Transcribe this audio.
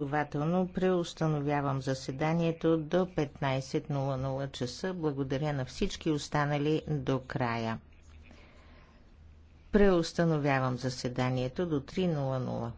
Следователно преустановявам заседанието до 15.00 часа. Благодаря на всички останали до края. Преустановявам заседанието до 3.00.